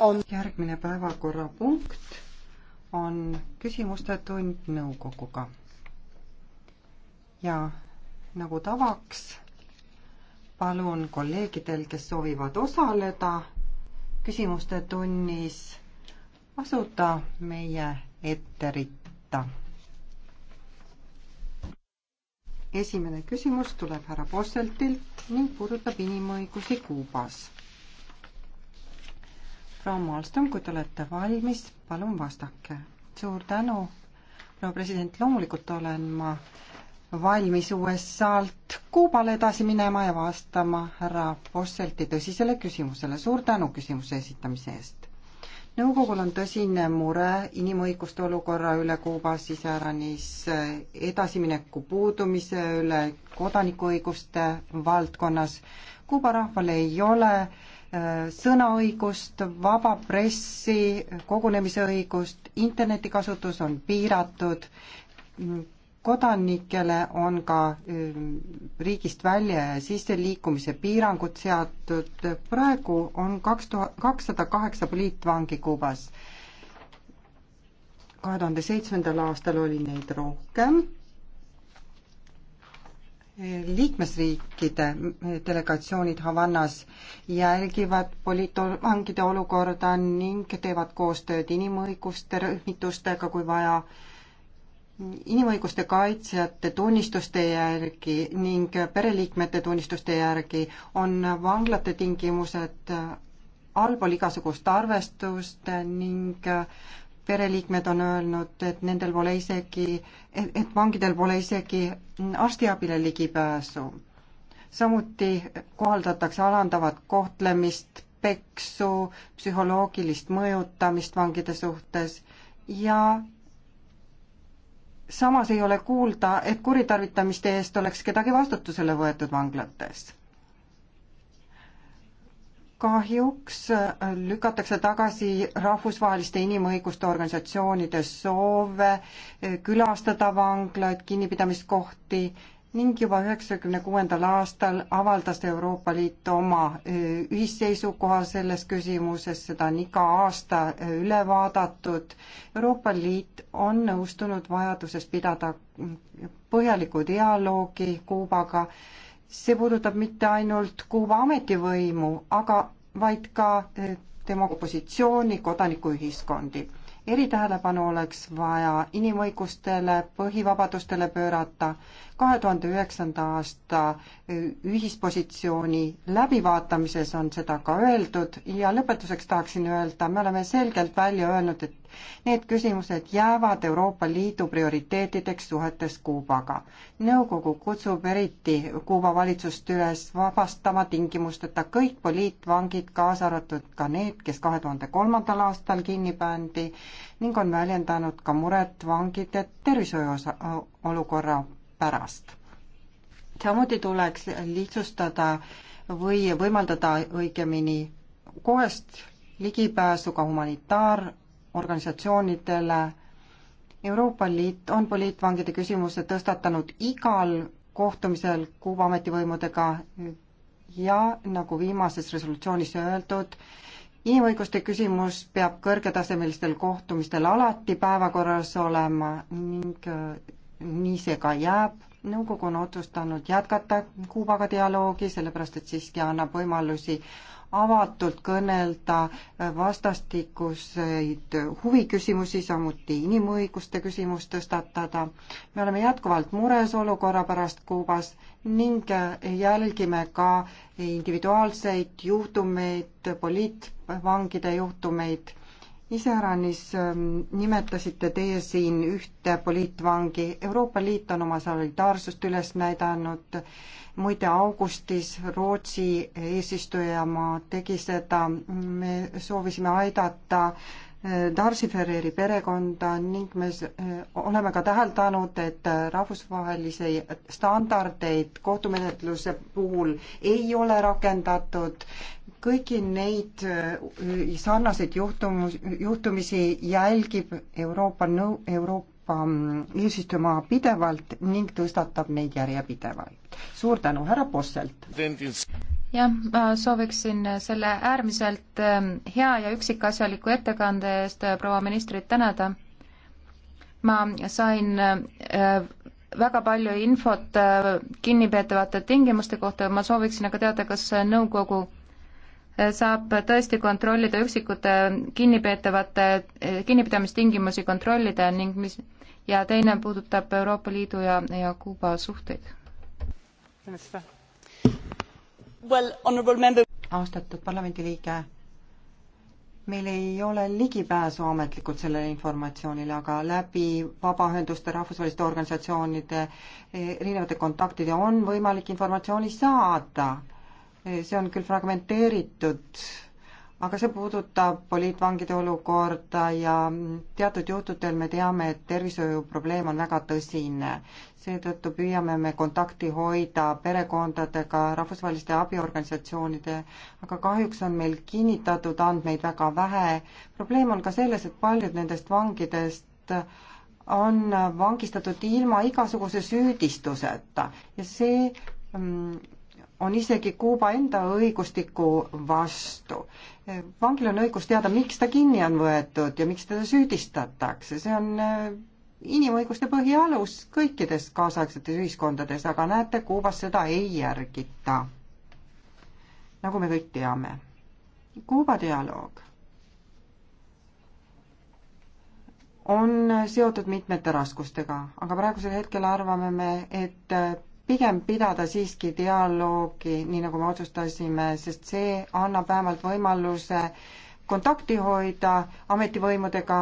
On... järgmine päevakorrapunkt on küsimuste tund nõukoguga. ja nagu tavaks, palun kolleegidel, kes soovivad osaleda küsimuste tunnis, asuda meie ette ritta. esimene küsimus tuleb härra Posseltilt ning puudutab inimõigusi Kuubas proua Malmström, kui te olete valmis, palun vastake. suur tänu, proua president, loomulikult olen ma valmis USA-lt Kuubale edasi minema ja vastama härra Posselti tõsisele küsimusele. suur tänu küsimuse esitamise eest. nõukogul on tõsine mure inimõiguste olukorra üle Kuubas, iseäranis eh, edasimineku puudumise üle kodanikuõiguste valdkonnas. Kuuba rahval ei ole äh, sõnaõigust, vaba pressi, kogunemisõigust, internetikasutus on piiratud, kodanikele on ka ehm, riigist välja ja sisse liikumise piirangud seatud, praegu on kaks tuhat, kakssada kaheksa poliitvangi Kuubas. kahe tuhande seitsmendal aastal oli neid rohkem liikmesriikide delegatsioonid Havannas jälgivad poliitvangide olukorda ning teevad koostööd inimõiguste rühmitustega, kui vaja, inimõiguste kaitsjate tunnistuste järgi ning pereliikmete tunnistuste järgi on vanglate tingimused allpool igasugust arvestust ning pereliikmed on öelnud, et nendel pole isegi, et vangidel pole isegi arstiabile ligipääsu. samuti kohaldatakse alandavat kohtlemist, peksu, psühholoogilist mõjutamist vangide suhtes ja samas ei ole kuulda, et kuritarvitamiste eest oleks kedagi vastutusele võetud vanglates kahjuks äh, lükatakse tagasi rahvusvaheliste inimõiguste organisatsioonide soove äh, külastada vanglaid, kinnipidamiskohti ning juba üheksakümne kuuendal aastal avaldas Euroopa Liit oma äh, ühisseisukoha selles küsimuses, seda on iga aasta üle vaadatud. Euroopa Liit on nõustunud vajaduses pidada mm, põhjalikku dialoogi Kuubaga see puudutab mitte ainult Kuuba ametivõimu, aga vaid ka tema opositsiooni, kodanikuühiskondi. eritähelepanu oleks vaja inimõigustele, põhivabadustele pöörata, kahe tuhande üheksanda aasta e, ühispositsiooni läbivaatamises on seda ka öeldud ja lõpetuseks tahaksin öelda, me oleme selgelt välja öelnud, et Need küsimused jäävad Euroopa Liidu prioriteetideks suhetes Kuubaga. nõukogu kutsub eriti Kuuba valitsust üles vabastama tingimusteta kõik poliitvangid, kaasa arvatud ka need, kes kahe tuhande kolmandal aastal kinni pandi ning on väljendanud ka muret vangide tervishoiu olukorra pärast. samuti tuleks lihtsustada või võimaldada õigemini kohest ligipääsu ka humanitaar- organisatsioonidele. Euroopa Liit on poliitvangide küsimuse tõstatanud igal kohtumisel Kuuba ametivõimudega ja nagu viimases resolutsioonis öeldud, inimõiguste küsimus peab kõrgetasemelistel kohtumistel alati päevakorras olema ning äh, nii see ka jääb. nõukogu on otsustanud jätkata Kuubaga dialoogi, sellepärast et siiski annab võimalusi avatult kõnelda vastastikuseid huviküsimusi, samuti inimõiguste küsimust tõstatada. me oleme jätkuvalt mures olukorra pärast Kuubas ning jälgime ka individuaalseid juhtumeid, poliitvangide juhtumeid iseäranis ähm, nimetasite teie siin ühte poliitvangi. Euroopa Liit on oma solidaarsust üles näidanud. muide, augustis Rootsi eesistujamaa tegi seda. me soovisime aidata äh, Darcy Ferreri perekonda ning me äh, oleme ka täheldanud, et rahvusvahelisi standardeid kohtumenetluse puhul ei ole rakendatud kõiki neid äh, sarnaseid juhtumus, juhtumisi jälgib Euroopa Nõu-, Euroopa mm, eesistumaa pidevalt ning tõstatab neid järjepidevalt. suur tänu, härra Posselt! jah, ma sooviksin selle äärmiselt äh, hea ja üksikasjaliku ettekande eest äh, proua ministrit tänada. ma sain väga palju infot kinnipeetavate tingimuste kohta, ma sooviksin aga teada, kas nõukogu saab tõesti kontrollida üksikute kinnipeetavate, kinnipidamistingimusi kontrollida ning mis ja teine puudutab Euroopa Liidu ja, ja Kuuba suhteid. Well, austatud parlamendiliige, meil ei ole ligipääsu ametlikult sellele informatsioonile, aga läbi vabaühenduste, rahvusvaheliste organisatsioonide eh, erinevate kontaktide on võimalik informatsiooni saada see on küll fragmenteeritud, aga see puudutab poliitvangide olukorda ja teatud juhtudel me teame, et tervishoiuprobleem on väga tõsine. seetõttu püüame me kontakti hoida perekondadega, rahvusvaheliste abiorganisatsioonide, aga kahjuks on meil kinnitatud andmeid väga vähe. probleem on ka selles, et paljud nendest vangidest on vangistatud ilma igasuguse süüdistuseta ja see mm, on isegi Kuuba enda õigustiku vastu. vangil on õigus teada, miks ta kinni on võetud ja miks teda süüdistatakse, see on eh, inimõiguste põhialus kõikides kaasaegsetes ühiskondades, aga näete, Kuubas seda ei järgita. nagu me kõik teame. Kuuba dialoog on seotud mitmete raskustega, aga praegusel hetkel arvame me, et pigem pidada siiski dialoogi, nii nagu me otsustasime, sest see annab vähemalt võimaluse kontakti hoida ametivõimudega,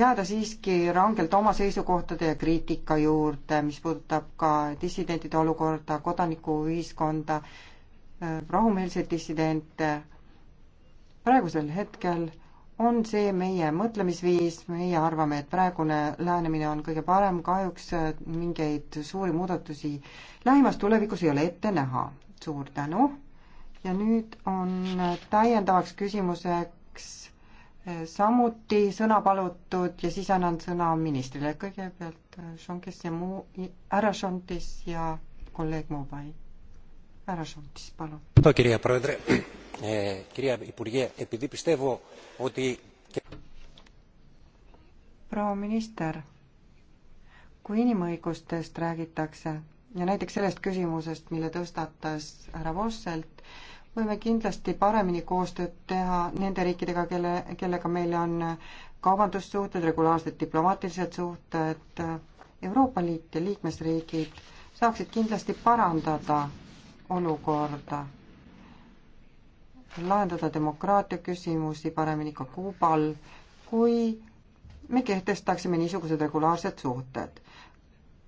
jääda siiski rangelt oma seisukohtade ja kriitika juurde, mis puudutab ka dissidentide olukorda, kodanikuühiskonda, rahumeelseid dissidente. praegusel hetkel on see meie mõtlemisviis, meie arvame, et praegune lähenemine on kõige parem, kahjuks äh, mingeid suuri muudatusi lähimas tulevikus ei ole ette näha. suur tänu ja nüüd on äh, täiendavaks küsimuseks äh, samuti sõna palutud ja siis annan sõna ministrile, kõigepealt Šonkis ja muu, härra Šontis ja kolleeg Mubai. härra Šontis, palun kirja Ipurje, epidi pistevo, odi. proua minister, kui inimõigustest räägitakse ja näiteks sellest küsimusest, mille tõstatas härra Vosselt, võime kindlasti paremini koostööd teha nende riikidega, kelle, kellega meil on kaubandussuhted, regulaarsed diplomaatilised suhted, Euroopa Liit ja liikmesriigid saaksid kindlasti parandada olukorda lahendada demokraatia küsimusi paremini ka Kuubal, kui me kehtestaksime niisugused regulaarsed suhted.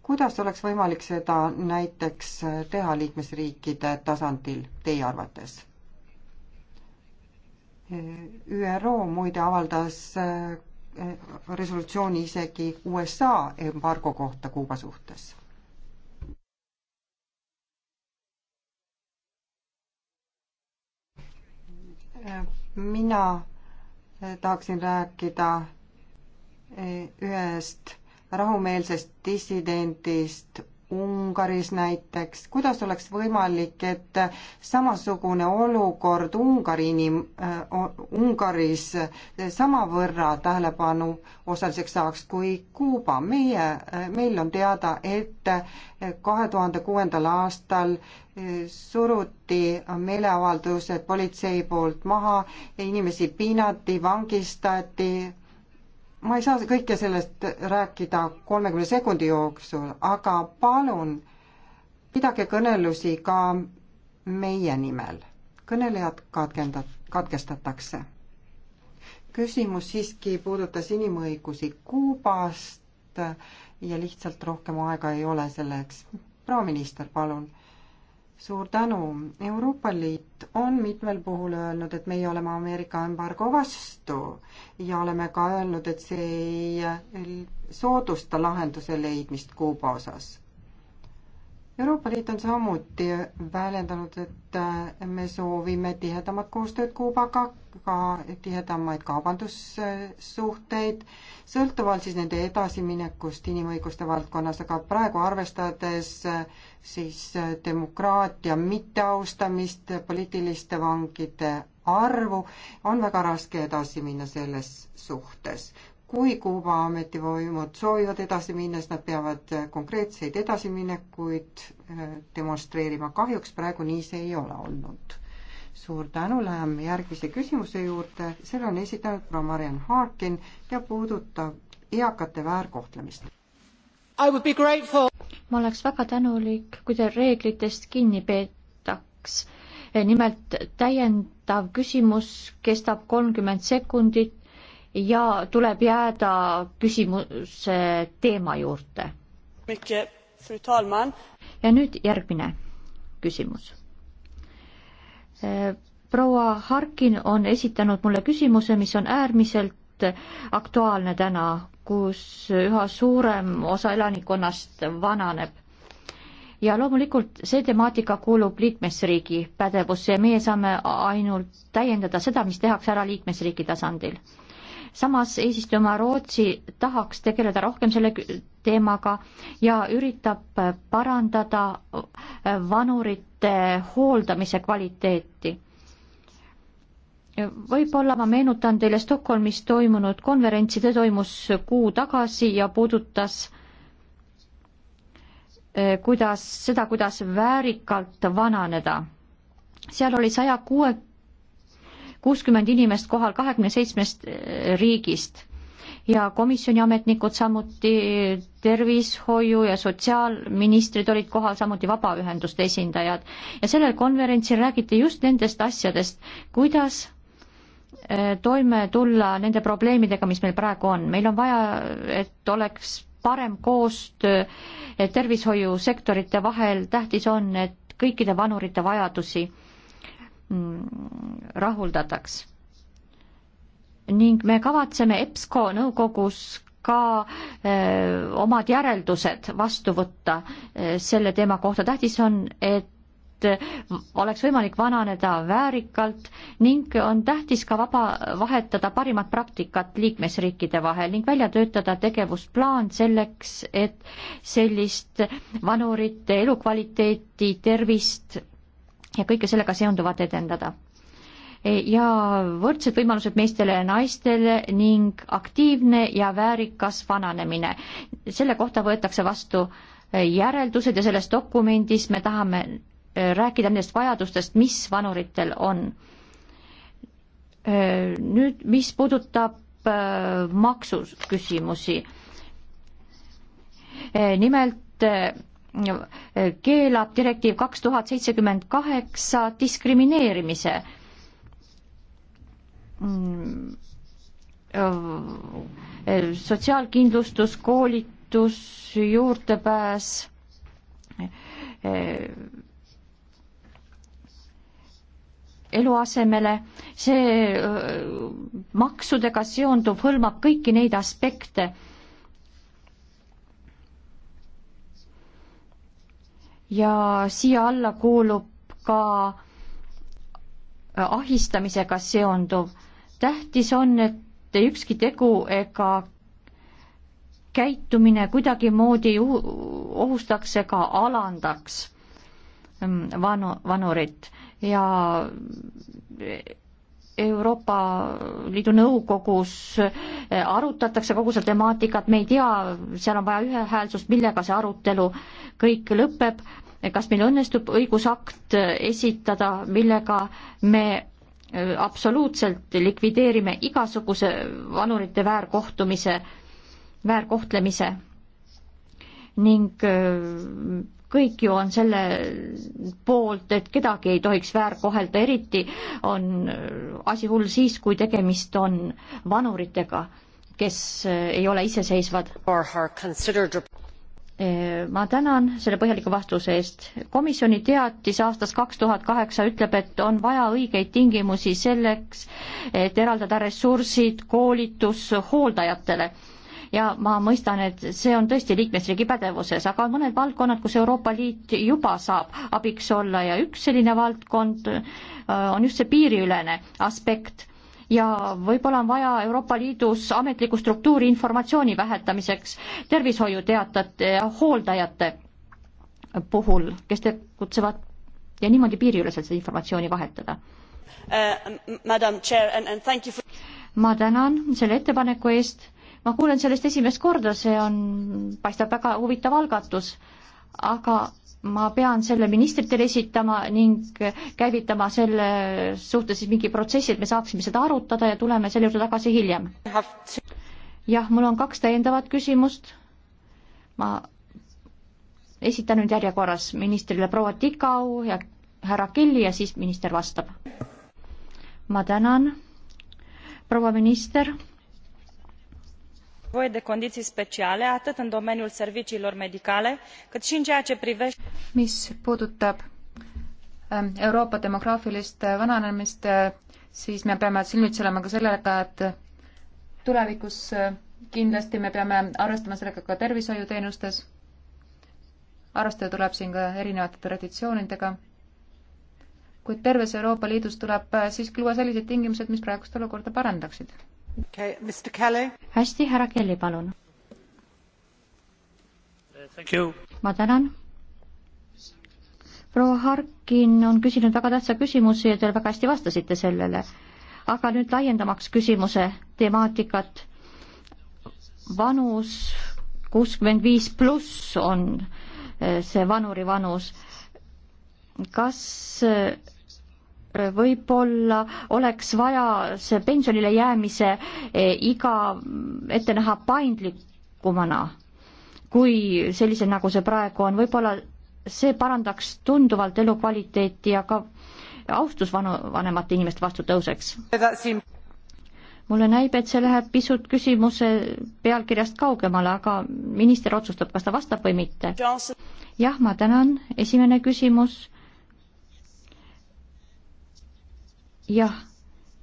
kuidas oleks võimalik seda näiteks teha liikmesriikide tasandil teie arvates? ÜRO muide avaldas eh, resolutsiooni isegi USA embargo kohta Kuuba suhtes mina eh, tahaksin rääkida eh, ühest rahumeelsest dissidendist Ungaris näiteks, kuidas oleks võimalik, et samasugune olukord Ungari inim- uh,, Ungaris samavõrra tähelepanu osaliseks saaks kui Kuuba. meie, äh, meil on teada, et kahe tuhande kuuendal aastal äh, suruti meeleavaldused politsei poolt maha, inimesi piinati, vangistati ma ei saa kõike sellest rääkida kolmekümne sekundi jooksul, aga palun pidage kõnelusi ka meie nimel. kõnelejad katkenda-, katkestatakse. küsimus siiski puudutas inimõigusi Kuubast ja lihtsalt rohkem aega ei ole selleks. proua minister, palun suur tänu. Euroopa Liit on mitmel puhul öelnud, et meie oleme Ameerika embargo vastu ja oleme ka öelnud, et see ei soodusta lahenduse leidmist Kuuba osas Euroopa Liit on samuti väljendanud, et me soovime tihedamat koostööd Kuubaga ka tihedamaid kaubandussuhteid, sõltuvalt siis nende edasiminekust inimõiguste valdkonnas, aga praegu arvestades siis demokraatia mitteaustamist, poliitiliste vangide arvu, on väga raske edasi minna selles suhtes. kui Kuuba ametivõimud soovivad edasi minna, siis nad peavad konkreetseid edasiminekuid äh, demonstreerima, kahjuks praegu nii see ei ole olnud suur tänu, läheme järgmise küsimuse juurde, selle on esitanud proua Mariann Harkin ja puudutab eakate väärkohtlemist. ma oleks väga tänulik, kui te reeglitest kinni peetaks. Eh, nimelt täiendav küsimus kestab kolmkümmend sekundit ja tuleb jääda küsimuse teema juurde. ja nüüd järgmine küsimus proua Harkin on esitanud mulle küsimuse, mis on äärmiselt aktuaalne täna, kus üha suurem osa elanikkonnast vananeb. ja loomulikult see temaatika kuulub liikmesriigi pädevusse ja meie saame ainult täiendada seda, mis tehakse ära liikmesriigi tasandil. samas eesistuja Rootsi tahaks tegeleda rohkem selle teemaga ja üritab parandada vanurite hooldamise kvaliteeti. võib-olla ma meenutan teile Stockholmis toimunud konverentsi, see toimus kuu tagasi ja puudutas eh, kuidas, seda, kuidas väärikalt vananeda. seal oli saja kuue, kuuskümmend inimest kohal kahekümne seitsmest eh, riigist ja komisjoni ametnikud samuti, tervishoiu ja sotsiaalministrid olid kohal, samuti vabaühenduste esindajad. ja sellel konverentsil räägiti just nendest asjadest, kuidas eh, toime tulla nende probleemidega, mis meil praegu on. meil on vaja, et oleks parem koostöö eh, tervishoiusektorite vahel, tähtis on, et kõikide vanurite vajadusi mm, rahuldataks ning me kavatseme EBSCO nõukogus ka öö, eh, omad järeldused vastu võtta öö, eh, selle teema kohta. tähtis on, et oleks võimalik vananeda väärikalt ning on tähtis ka vaba, vahetada parimat praktikat liikmesriikide vahel ning välja töötada tegevusplaan selleks, et sellist vanurite elukvaliteeti, tervist ja kõike sellega seonduvat edendada ja võrdsed võimalused meestele ja naistele ning aktiivne ja väärikas vananemine. selle kohta võetakse vastu äh, järeldused ja selles dokumendis me tahame äh, rääkida nendest vajadustest, mis vanuritel on. Äh, nüüd, mis puudutab maksusküsimusi. nimelt keelab direktiiv kaks tuhat seitsekümmend kaheksa diskrimineerimise Mm. Äh, sotsiaalkindlustus, koolitus, juurdepääs äh, eluasemele, see äh, maksudega seonduv hõlmab kõiki neid aspekte. ja siia alla kuulub ka ahistamisega seonduv tähtis on, et ükski tegu ega käitumine kuidagimoodi ohustaks ega alandaks mm, vanu, vanurit ja Euroopa Liidu Nõukogus eh, arutatakse kogu seda temaatikat, me ei tea, seal on vaja ühehäälsust, millega see arutelu kõik lõpeb, kas meil õnnestub õigusakt eh, esitada, millega me absoluutselt likvideerime igasuguse vanurite väärkohtumise, väärkohtlemise ning äh, kõik ju on selle poolt, et kedagi ei tohiks väärkohelda, eriti on äh, asi hull siis, kui tegemist on vanuritega, kes äh, ei ole iseseisvad Eh, ma tänan selle põhjaliku vastuse eest. komisjoni teatis aastast kaks tuhat kaheksa ütleb, et on vaja õigeid tingimusi selleks, et eraldada ressursid, koolitus hooldajatele ja ma mõistan, et see on tõesti liikmesriigi pädevuses, aga on mõned valdkonnad, kus Euroopa Liit juba saab abiks olla ja üks selline valdkond eh, on just see piiriülene aspekt ja võib-olla on vaja Euroopa Liidus ametliku struktuuri informatsiooni vähetamiseks tervishoiuteatajate ja hooldajate puhul, kes tegutsevad ja niimoodi piiriüleselt seda informatsiooni vahetada uh,. For... ma tänan selle ettepaneku eest, ma kuulen sellest esimest korda, see on, paistab väga huvitav algatus, aga ma pean selle ministritele esitama ning käivitama selle suhtes siis mingi protsessi, et me saaksime seda arutada ja tuleme selle juurde tagasi hiljem. jah, mul on kaks täiendavat küsimust. ma esitan nüüd järjekorras ministrile proua Tikau ja härra Kelly ja siis minister vastab. ma tänan, proua minister nevoie de condiii speciale atât în domeniul serviciilor medicale cât i în ceea ce privete mis puudutab ähm, Euroopa demograafilist äh, vananemist, äh, siis me peame silmitsi olema ka sellega, et äh, tulevikus kindlasti me peame arvestama sellega ka tervishoiuteenustes. arvestada tuleb siin ka erinevate traditsioonidega. kuid terves Euroopa Liidus tuleb siiski luua sellised tingimused, mis praegust olukorda parandaksid okay,. hästi, härra Kelly, palun. ma tänan. proua Harkin on küsinud väga tähtsa küsimuse ja te väga hästi vastasite sellele. aga nüüd laiendamaks küsimuse temaatikat, vanus kuuskümmend viis pluss on eh, see vanuri vanus. kas eh, võib-olla oleks vaja see pensionile jäämise e, iga ette näha paindlikumana kui sellisel, nagu see praegu on, võib-olla see parandaks tunduvalt elukvaliteeti ja ka austus vanu, vanemate inimeste vastu tõuseks. mulle näib, et see läheb pisut küsimuse pealkirjast kaugemale, aga minister otsustab, kas ta vastab või mitte. jah, ma tänan, esimene küsimus jah,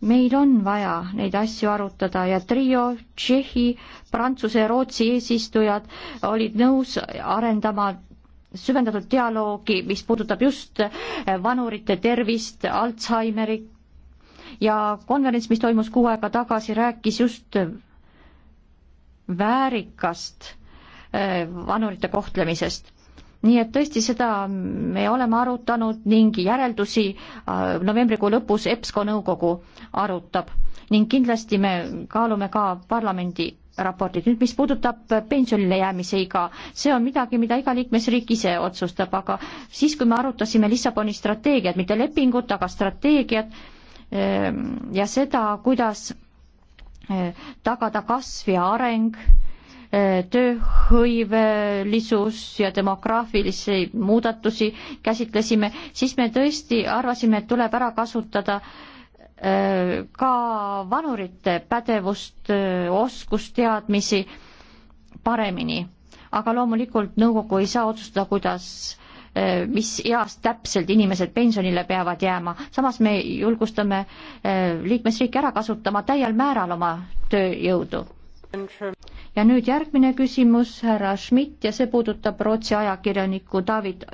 meil on vaja neid asju arutada ja trio Tšehhi, Prantsuse ja Rootsi eesistujad olid nõus arendama süvendatud dialoogi, mis puudutab just eh, vanurite tervist, Alžeimeri ja konverents, mis toimus kuu aega tagasi, rääkis just eh, väärikast eh, vanurite kohtlemisest nii et tõesti, seda me oleme arutanud ning järeldusi äh, novembrikuu lõpus EBSCO nõukogu arutab ning kindlasti me kaalume ka parlamendi raportit. nüüd, mis puudutab pensionile jäämise iga, see on midagi, mida iga liikmesriik ise otsustab, aga siis, kui me arutasime Lissaboni strateegiat, mitte lepingut, aga strateegiat ähm, ja seda, kuidas äh, tagada kasv ja areng Äh, tööhõivelisus ja demograafilisi muudatusi käsitlesime, siis me tõesti arvasime, et tuleb ära kasutada äh, ka vanurite pädevust, äh, oskusteadmisi paremini. aga loomulikult nõukogu ei saa otsustada, kuidas mis east täpselt inimesed pensionile peavad jääma. samas me julgustame liikmesriike ära kasutama täiel määral oma tööjõudu ja nüüd järgmine küsimus, härra Schmidt ja see puudutab Rootsi ajakirjanikku David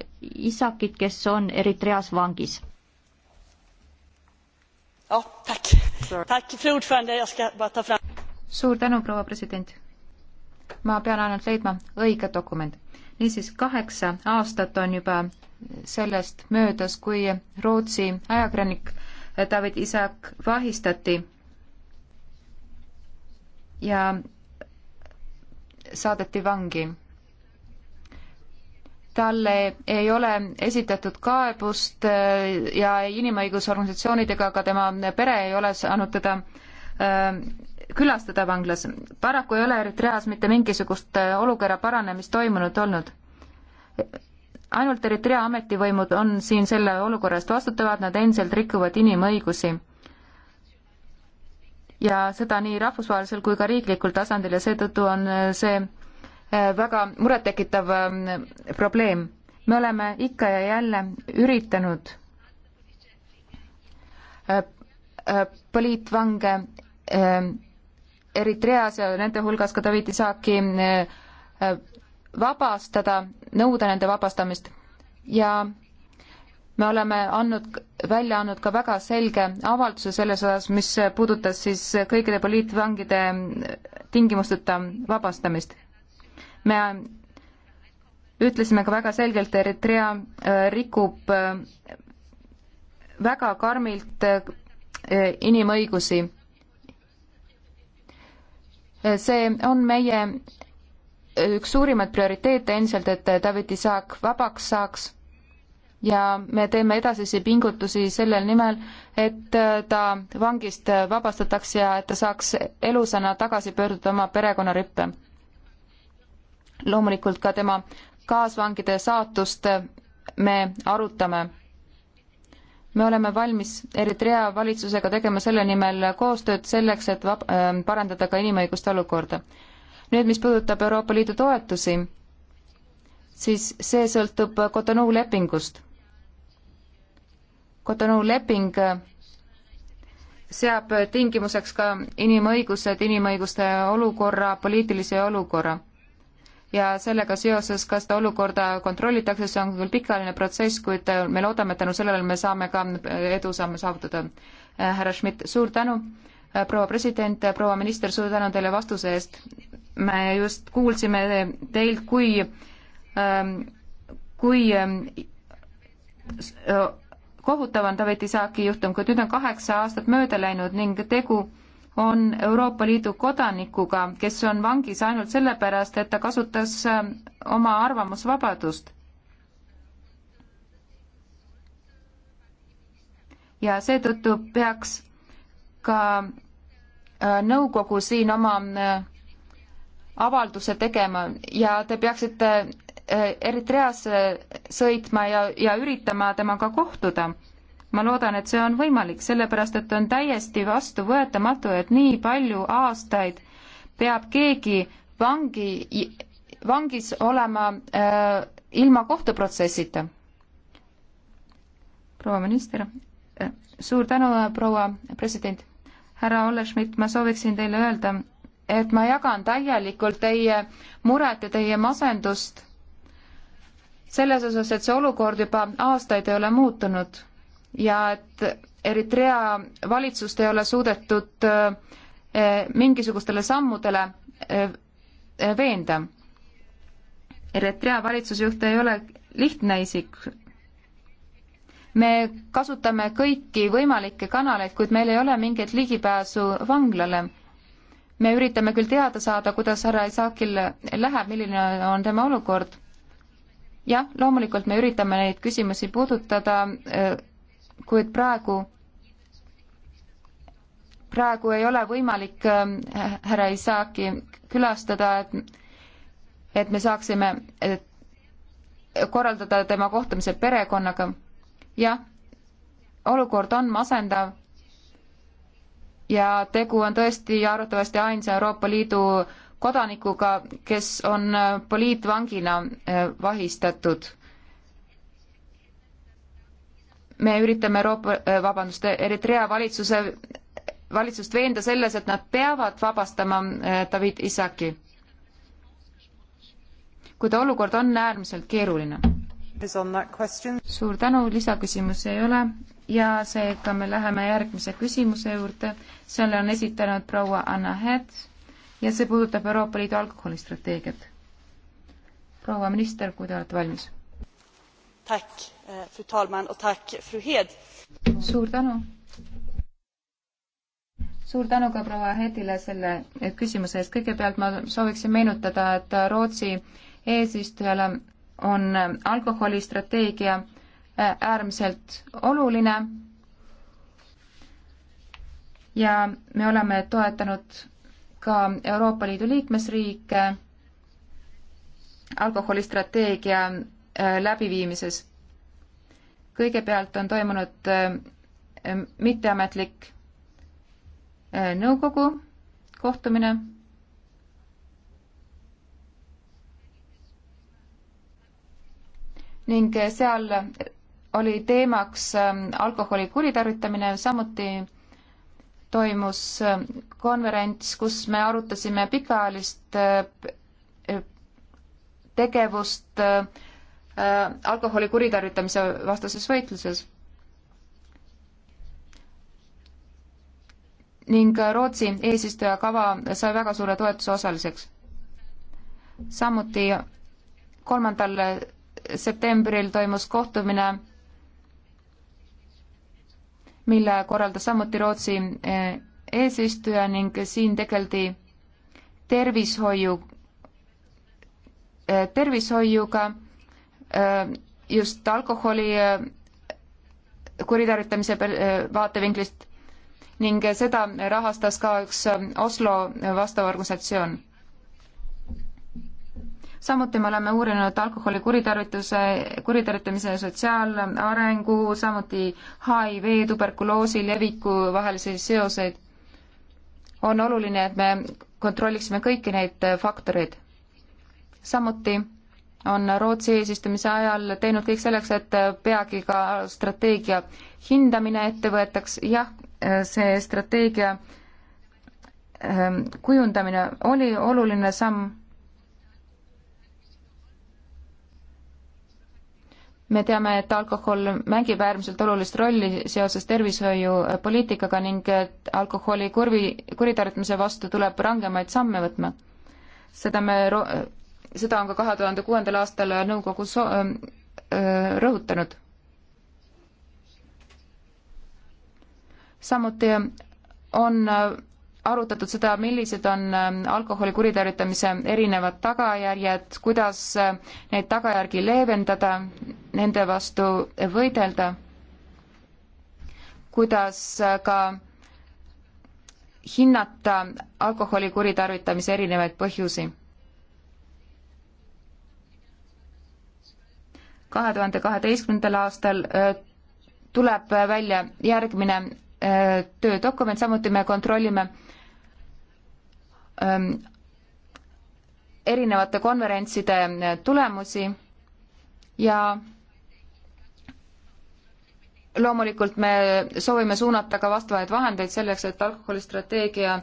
Isakit, kes on Eritreas vangis. suur tänu, proua president. ma pean ainult leidma õige dokumendi niisiis kaheksa aastat on juba sellest möödas, kui Rootsi ajakirjanik David Isak vahistati ja saadeti vangi. talle ei ole esitatud kaebust äh, ja inimõigusorganisatsioonid ega ka tema pere ei ole saanud teda äh, külastada vanglas. paraku ei ole Eritreas mitte mingisugust äh, olukorra paranemist toimunud olnud. ainult Eritrea ametivõimud on siin selle olukorra eest vastutavad, nad endiselt rikuvad inimõigusi ja seda nii rahvusvahelisel kui ka riiklikul tasandil ja seetõttu on äh, see äh, väga murettekitav ähm, probleem. me oleme ikka ja jälle üritanud äh, poliitvange ähm, Eritreas ja nende hulgas ka David Isaaki vabastada, nõuda nende vabastamist ja me oleme andnud, välja andnud ka väga selge avalduse selles osas, mis puudutas siis kõikide poliitvangide tingimusteta vabastamist. me ütlesime ka väga selgelt, Eritrea äh, rikub äh, väga karmilt äh, inimõigusi. see on meie üks suurimaid prioriteete endiselt, et David Isaak vabaks saaks ja me teeme edasisi pingutusi sellel nimel, et äh, ta vangist äh, vabastataks ja et ta saaks elusana tagasi pöörduda oma perekonnarippe. loomulikult ka tema kaasvangide saatust äh, me arutame. me oleme valmis Eritrea valitsusega tegema selle nimel koostööd selleks, et vab-, parandada ka inimõiguste olukorda. nüüd, mis puudutab Euroopa Liidu toetusi, siis see sõltub Cotonou lepingust Cotonou leping äh, seab tingimuseks ka inimõigused, inimõiguste olukorra, poliitilise olukorra. ja sellega seoses, kas seda olukorda kontrollitakse, see on küll pikaajaline protsess, kuid äh, me loodame, et tänu sellele me saame ka äh, edusamme saavutada. härra Schmidt, suur tänu, proua president, proua minister, suur tänu teile vastuse eest. me just kuulsime teilt, kui, ähm, kui ähm, kohutav on Daveti Saaki juhtum, kuid nüüd on kaheksa aastat mööda läinud ning tegu on Euroopa Liidu kodanikuga, kes on vangis ainult sellepärast, et ta kasutas ähm, oma arvamusvabadust. ja seetõttu peaks ka äh, nõukogu siin oma äh, avalduse tegema ja te peaksite Eritreasse äh, sõitma ja, ja üritama temaga kohtuda. ma loodan, et see on võimalik, sellepärast et on täiesti vastuvõetamatu, et nii palju aastaid peab keegi vangi, vangis olema äh, ilma kohtuprotsessita. proua minister, äh, suur tänu, proua president. härra Olle Schmidt, ma sooviksin teile öelda, et ma jagan täielikult teie muret ja teie masendust selles osas, et see olukord juba aastaid ei ole muutunud ja et Eritrea valitsust ei ole suudetud eh, mingisugustele sammudele eh, veenda. Eritrea valitsusjuht ei ole lihtne isik. me kasutame kõiki võimalikke kanaleid, kuid meil ei ole mingit ligipääsu vanglale. me üritame küll teada saada, kuidas härra Isakil läheb, milline on tema olukord jah, loomulikult me üritame neid küsimusi puudutada, eh, kuid praegu, praegu ei ole võimalik eh, härra Isaaki külastada, et, et me saaksime et eh, korraldada tema kohtumise perekonnaga. jah, olukord on masendav ja tegu on tõesti arvatavasti ainsa Euroopa Liidu kodanikuga, kes on äh, poliitvangina äh, vahistatud. me üritame Euroopa, äh, vabandust, Eritrea valitsuse, valitsust veenda selles, et nad peavad vabastama David Isaki. kuid olukord on äärmiselt keeruline. suur tänu, lisaküsimusi ei ole ja seega me läheme järgmise küsimuse juurde, selle on esitanud proua Anna Hets ja see puudutab Euroopa Liidu alkoholistrateegiat. proua minister, kui te olete valmis. Eh, suur tänu. suur tänu ka proua Hedile selle küsimuse eest. kõigepealt ma sooviksin meenutada, et Rootsi eesistujale on alkoholistrateegia eh, äärmiselt oluline ja me oleme toetanud ka Euroopa Liidu liikmesriike alkoholistrateegia äh, läbiviimises. kõigepealt on toimunud äh, mitteametlik äh, nõukogu kohtumine ning seal oli teemaks alkoholi kuritarvitamine, samuti toimus äh, konverents, kus me arutasime pikaajalist äh, äh, tegevust alkoholi kuritarvitamise vastases võitluses. ning Rootsi eesistuja kava sai väga suure toetuse osaliseks. samuti kolmandal septembril toimus kohtumine mille korraldas samuti Rootsi eh, eesistuja ning siin tegeldi tervishoiu, eh, tervishoiuga eh, just alkoholi kuritarvitamise vaatevinklist ning seda rahastas ka üks Oslo vastav organisatsioon samuti me oleme uurinud alkoholi kuritarvituse, kuritarvitamise sotsiaalarengu, samuti HIV, tuberkuloosi leviku vahelisi seoseid. on oluline, et me kontrolliksime kõiki neid faktoreid. samuti on Rootsi eesistumise ajal teinud kõik selleks, et peagi ka strateegia hindamine ette võetaks, jah, see strateegia ähm, kujundamine oli oluline samm me teame, et alkohol mängib äärmiselt olulist rolli seoses tervishoiupoliitikaga ning alkoholi kurvi, kuritarvitamise vastu tuleb rangemaid samme võtma. seda me, seda on ka kahe tuhande kuuendal aastal nõukogu so-, rõhutanud. samuti on arutatud seda, millised on ähm, alkoholi kuritarvitamise erinevad tagajärjed, kuidas äh, neid tagajärgi leevendada, nende vastu võidelda, kuidas äh, ka hinnata alkoholi kuritarvitamise erinevaid põhjusi. kahe tuhande kaheteistkümnendal aastal äh, tuleb välja järgmine töödokument, samuti me kontrollime äh, Ähm, erinevate konverentside äh, tulemusi ja loomulikult me soovime suunata ka vastavaid vahendeid selleks, et alkoholistrateegia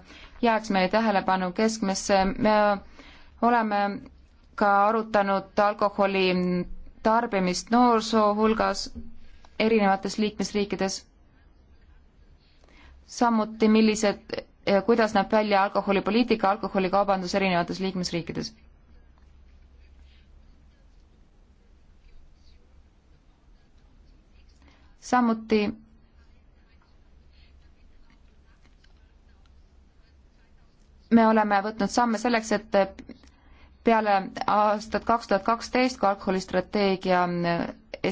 jääks meie tähelepanu keskmesse. me oleme ka arutanud alkoholi tarbimist noorsoo hulgas erinevates liikmesriikides. samuti, millised kuidas näeb välja alkoholipoliitika, alkoholikaubandus erinevates liikmesriikides? samuti me oleme võtnud samme selleks, et peale aastat kaks tuhat kaksteist, kui alkoholistrateegia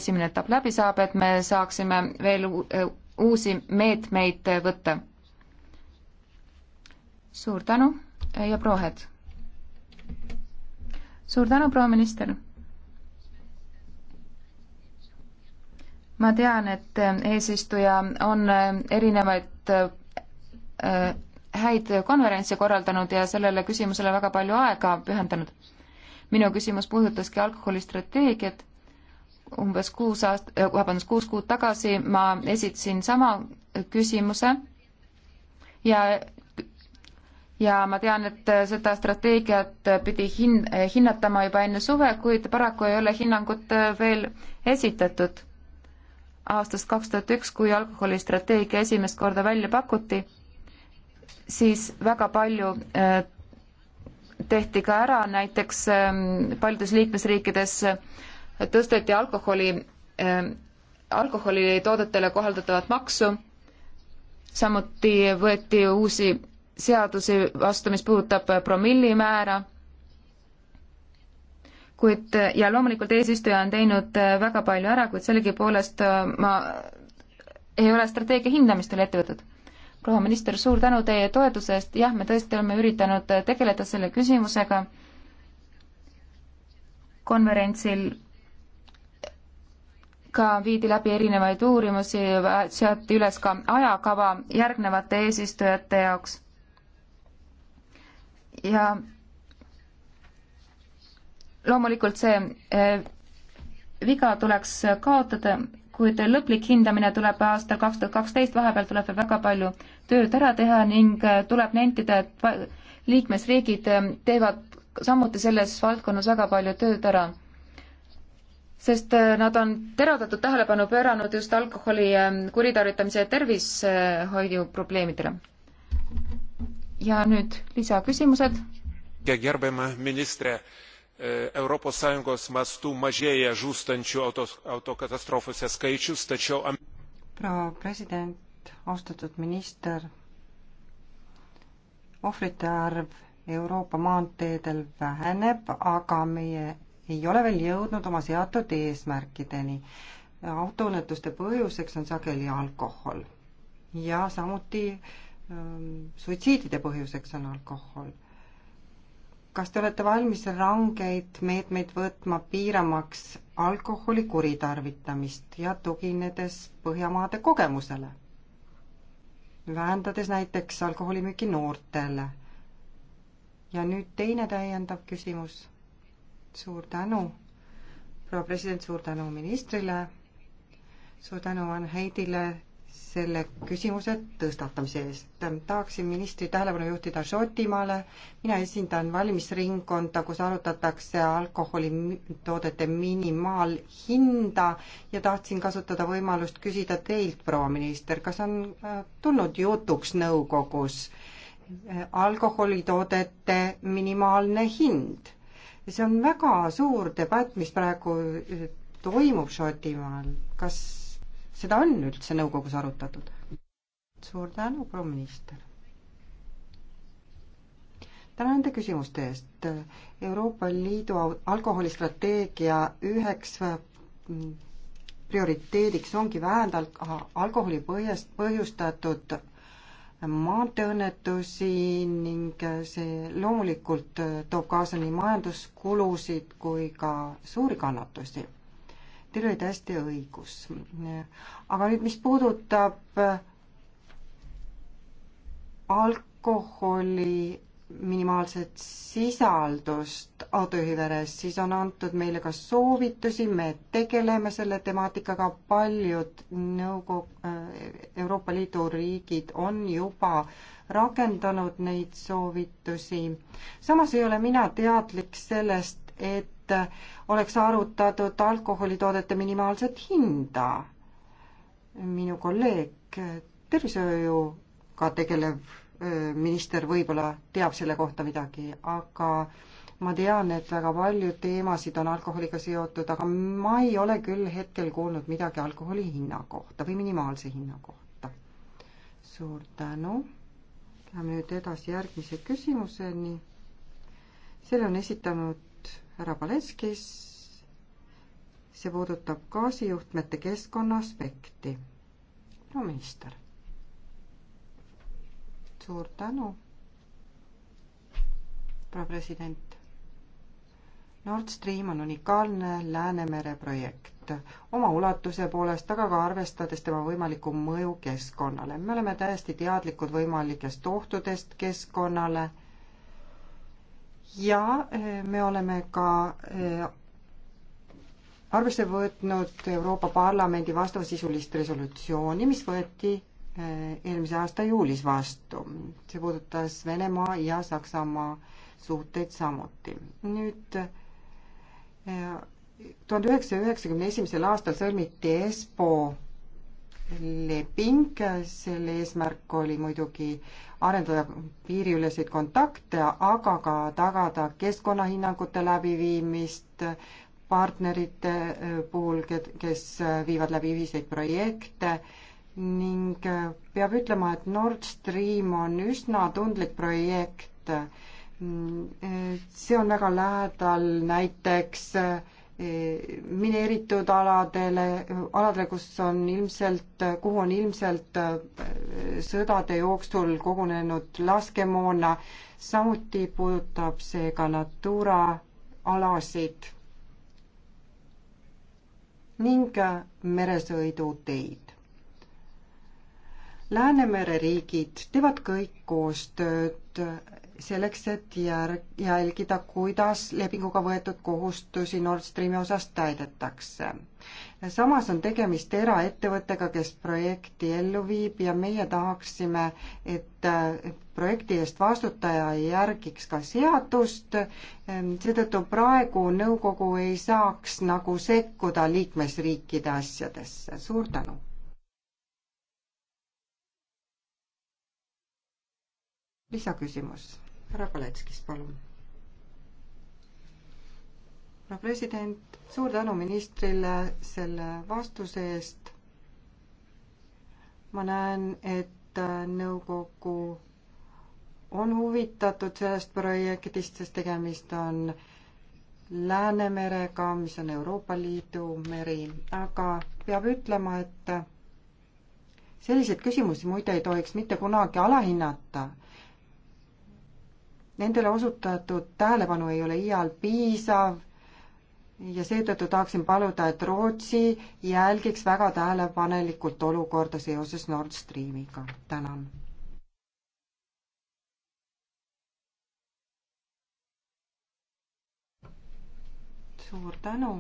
esimene etapp läbi saab, et me saaksime veel uusi meetmeid võtta suur tänu ja proua Hed. suur tänu, proua minister. ma tean, et eesistuja on erinevaid äh, häid konverentse korraldanud ja sellele küsimusele väga palju aega pühendanud. minu küsimus puudutaski alkoholistrateegiat. umbes kuus aast-, äh, vabandust, kuus kuud tagasi ma esitasin sama küsimuse ja ja ma tean, et seda strateegiat pidi hin-, hinnatama juba enne suve, kuid paraku ei ole hinnangut veel esitatud. aastast kaks tuhat üks, kui alkoholistrateegia esimest korda välja pakuti, siis väga palju äh, tehti ka ära, näiteks ähm, paljudes liikmesriikides tõsteti alkoholi, ähm, alkoholitoodetele kohaldatavat maksu, samuti võeti uusi seadusi vastu, mis puudutab äh, promilli määra, kuid, äh, ja loomulikult eesistuja on teinud äh, väga palju ära, kuid sellegipoolest ma ei ole strateegia hindamist veel ette võtnud. proua minister, suur tänu teie toetuse eest, jah, me tõesti oleme üritanud tegeleda selle küsimusega konverentsil ka viidi läbi erinevaid uurimusi, seati üles ka ajakava järgnevate eesistujate jaoks ja loomulikult see eh, viga tuleks kaotada, kuid lõplik hindamine tuleb aastal kaks tuhat kaksteist, vahepeal tuleb veel väga palju tööd ära teha ning tuleb nentida, et liikmesriigid eh, teevad samuti selles valdkonnas väga palju tööd ära. sest eh, nad on teravdatud tähelepanu pööranud just alkoholi kuritarvitamise ja tervishoiu probleemidele ja nüüd lisaküsimused. gerbiama ministre, Europos Sąjungos mastu mažėja žūstančių autos, autokatastrofose skaičius, tačiau. proua president, austatud minister, ohvrite arv Euroopa maanteedel väheneb, aga meie ei ole veel jõudnud oma seatud eesmärkideni. autoõnnetuste põhjuseks on sageli alkohol ja samuti äh, Ehm, suitsiidide põhjuseks on alkohol. kas te olete valmis rangeid meetmeid võtma, piiramaks alkoholi kuritarvitamist ja tuginedes Põhjamaade kogemusele? vähendades näiteks alkoholimüüki noortele. ja nüüd teine täiendav küsimus. suur tänu, proua president, suur tänu ministrile, suur tänu Ann Heidile selle küsimuse tõstatamise eest. tahaksin ministri tähelepanu juhtida Šotimaale. mina esindan valimisringkonda, kus arutatakse alkoholitoodete minimaalhinda ja tahtsin kasutada võimalust küsida teilt, proua minister, kas on äh, tulnud jutuks nõukogus äh, alkoholitoodete minimaalne hind? see on väga suur debatt, mis praegu äh, toimub Šotimaal. kas seda on üldse nõukogus arutatud? suur tänu, proua minister. tänan nende küsimuste eest. Euroopa Liidu alkoholistrateegia üheks mm, prioriteediks ongi vähendada alkoholi põhjast, põhjustatud maanteeõnnetusi ning see loomulikult toob kaasa nii majanduskulusid kui ka suuri kannatusi. Teil oli täiesti õigus. aga nüüd, mis puudutab alkoholi minimaalset sisaldust aduhiveres, siis on antud meile ka soovitusi, me tegeleme selle temaatikaga, paljud nõukogu, äh, Euroopa Liidu riigid on juba rakendanud neid soovitusi. samas ei ole mina teadlik sellest, et et oleks arutatud alkoholitoodete minimaalset hinda. minu kolleeg, tervishoiuga tegelev minister võib-olla teab selle kohta midagi, aga ma tean, et väga palju teemasid on alkoholiga seotud, aga ma ei ole küll hetkel kuulnud midagi alkoholi hinna kohta või minimaalse hinna kohta. suur tänu. Läheme nüüd edasi järgmise küsimuseni. selle on esitanud härra Paleskis. see puudutab gaasijuhtmete keskkonna aspekti. proua minister. suur tänu, proua president. Nord Stream on unikaalne Läänemere projekt oma ulatuse poolest, aga ka arvestades tema võimalikku mõju keskkonnale. me oleme täiesti teadlikud võimalikest ohtudest keskkonnale ja eh, me oleme ka eh, arvesse võtnud Euroopa Parlamendi vastavasisulist resolutsiooni, mis võeti eh, eelmise aasta juulis vastu. see puudutas Venemaa ja Saksamaa suhteid samuti. nüüd tuhande üheksasaja üheksakümne esimesel aastal sõlmiti ESPO leping, selle eesmärk oli muidugi arendada piiriüleseid kontakte, aga ka tagada keskkonnahinnangute läbiviimist partnerite äh, puhul, kes äh, viivad läbi ühiseid projekte ning äh, peab ütlema, et Nord Stream on üsna tundlik projekt. Mm, see on väga lähedal näiteks mineeritud aladele, aladele, kus on ilmselt, kuhu on ilmselt äh, sõdade jooksul kogunenud laskemoona, samuti puudutab see ka Natura alasid ning äh, meresõiduteid. Läänemere riigid teevad kõik koostööd selleks, et järg, jälgida, kuidas lepinguga võetud kohustusi Nord Streami osas täidetakse. samas on tegemist eraettevõttega, kes projekti ellu viib ja meie tahaksime, et projekti eest vastutaja järgiks ka seadust, seetõttu praegu nõukogu ei saaks nagu sekkuda liikmesriikide asjadesse, suur tänu! lisaküsimus härra Paletskis, palun. härra president, suur tänu ministrile selle vastuse eest. ma näen, et nõukogu on huvitatud sellest projektist, sest tegemist on Läänemerega, mis on Euroopa Liidu meri, aga peab ütlema, et selliseid küsimusi muide ei tohiks mitte kunagi alahinnata nendele osutatud tähelepanu ei ole iial piisav ja seetõttu tahaksin paluda, et Rootsi jälgiks väga tähelepanelikult olukorda seoses Nord Streamiga. tänan. suur tänu.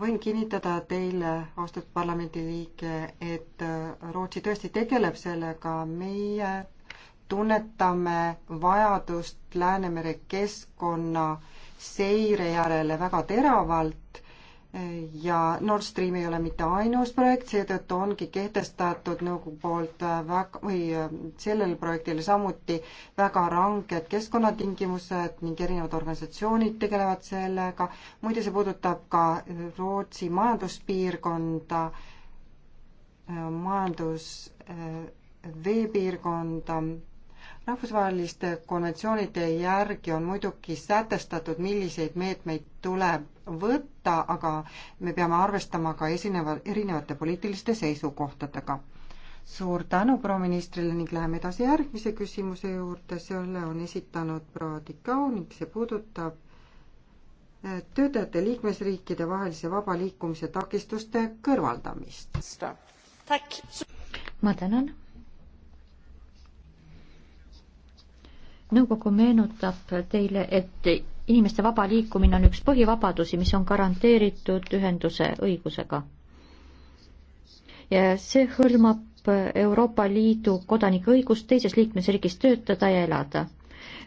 võin kinnitada teile, austatud parlamendiliige, et Rootsi tõesti tegeleb sellega, meie tunnetame vajadust Läänemere keskkonna seire järele väga teravalt ja Nord Stream ei ole mitte ainus projekt, seetõttu ongi kehtestatud nõukogu poolt väga, või äh, sellele projektile samuti väga ranged keskkonnatingimused ning erinevad organisatsioonid tegelevad sellega. muide, see puudutab ka Rootsi majanduspiirkonda, äh, majandus äh, veepiirkonda rahvusvaheliste konventsioonide järgi on muidugi sätestatud, milliseid meetmeid tuleb võtta, aga me peame arvestama ka esineva, erinevate poliitiliste seisukohtadega. suur tänu proua ministrile ning läheme edasi järgmise küsimuse juurde, selle on esitanud proua Dikau ning see puudutab eh, töötajate liikmesriikide vahelise vaba liikumise takistuste kõrvaldamist. ma tänan nõukogu meenutab teile, et inimeste vaba liikumine on üks põhivabadusi, mis on garanteeritud ühenduse õigusega. ja see hõlmab Euroopa Liidu kodanike õigust teises liikmesriigis töötada ja elada.